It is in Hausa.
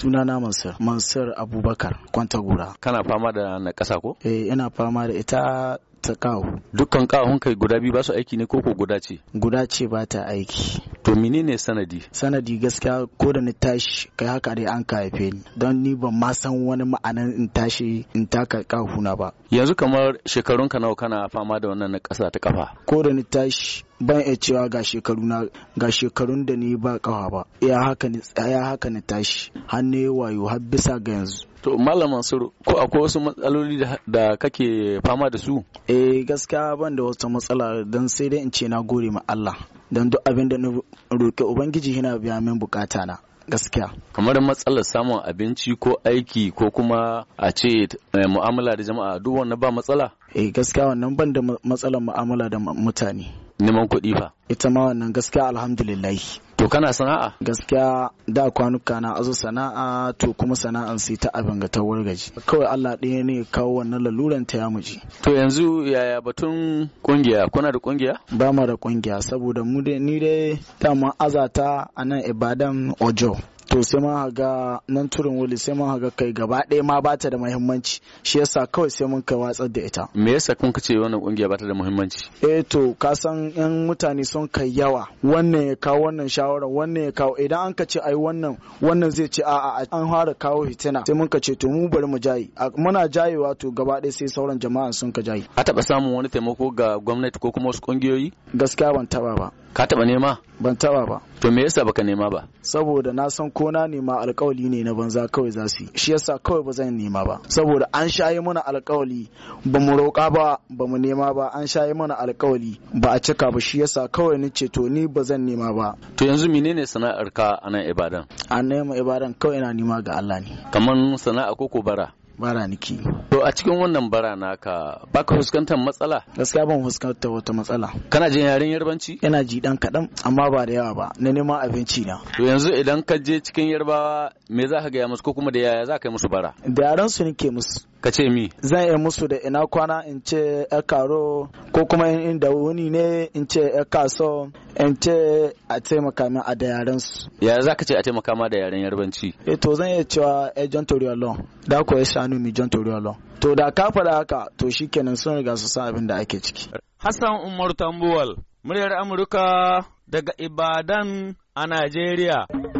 sunana mansur mansur abubakar kwantagura kana fama da na ƙasa ko eh ina fama da ita ta kawo dukkan kawo kai guda biyu ba su aiki ne koko guda ce guda ce ba ta aiki to menene sanadi sanadi gaskiya ko da ni tashi kai haka dai an ka haife ni don ni ban ma san wani ma'anan in tashi in taka kahuna ba yanzu kamar shekarun ka nawa kana fama da wannan na kasa ta kafa ko da ni tashi ban iya cewa ga shekaru na ga shekarun da ni ba kawa ba ya haka ni ya haka ni tashi har ne wayo har bisa ga yanzu to malam mansur ko akwai wasu matsaloli da kake fama da su eh gaskiya ban da wata matsala don sai dai in ce na gode ma Allah don duk abin da na roƙi ubangiji yana biya min bukata na gaskiya kamar matsalar samun abinci ko aiki ko kuma a ce eh, mu'amala da jama'a duk wannan ba matsala eh gaskiya wannan ban da matsalar mu'amala da mutane neman kuɗi fa ita ma wannan gaskiya alhamdulillah. to kana sana'a gaskiya da kwanuka na azo sana'a to kuma sana'an sai ta abin ga tawar gaji kawai Allah ɗaya ne kawo wannan laluran ta ya muji to yanzu yaya batun kungiya kuna da kungiya ba ma da kungiya saboda mu ni dai dama azata a nan Ibadan Ojo to sai ma ga nan turin wuli sai ma ga kai gaba ɗaya ma ba ta da muhimmanci shi yasa kawai sai mun kai watsar da ita me yasa kun kace wannan kungiya ba ta da muhimmanci eh to ka san yan mutane sun kai yawa wannan ya kawo wannan shawara wannan ya kawo idan an ka ce ai wannan wannan zai ce a an fara kawo fitina sai mun ka ce to mu bari mu jayi muna jayi to gaba ɗaya sai sauran jama'a sun ka jayi a taɓa samun wani taimako ga gwamnati ko kuma wasu kungiyoyi gaskiya ban taɓa ba ka taɓa nema ban taɓa ba to me yasa baka nema ba saboda na san ko na nema alkawali ne na banza kawai za su yi shi yasa kawai ba zan nema ba saboda an shayi mana alkawali ba mu roƙa ba ba mu nema ba an shayi mana alkawali ba a cika ba shi yasa kawai ni ce to ni ba zan nema ba to yanzu menene sana'ar ka a nan ibadan a nema ibadan kawai na nema ga Allah ne Kamar sana'a koko bara bara niki To a cikin wannan bara naka baka fuskantar matsala? Gaskiya ban fuskantar wata matsala. Kana jin yaren yarbanci? Ina ji dan kaɗan amma ba da yawa ba na neman abinci na. To yanzu idan ka je cikin yarbawa me za ka gaya musu ko kuma da yaya za ka yi musu bara? Da yaran su ke musu. ka ce mi zan iya musu da ina kwana in ce ya karo ko kuma in da wuni ne in ce ya kaso in ce a taimaka min a da yaren su ya za ka ce a taimaka ma da yaren yarbanci e to zan iya cewa e john toriolo da ko ya shanu mi john toriolo to da ka faɗa haka to shi kenan sun riga su san abin da ake ciki hassan umar tambuwal muryar amurka daga ibadan a najeriya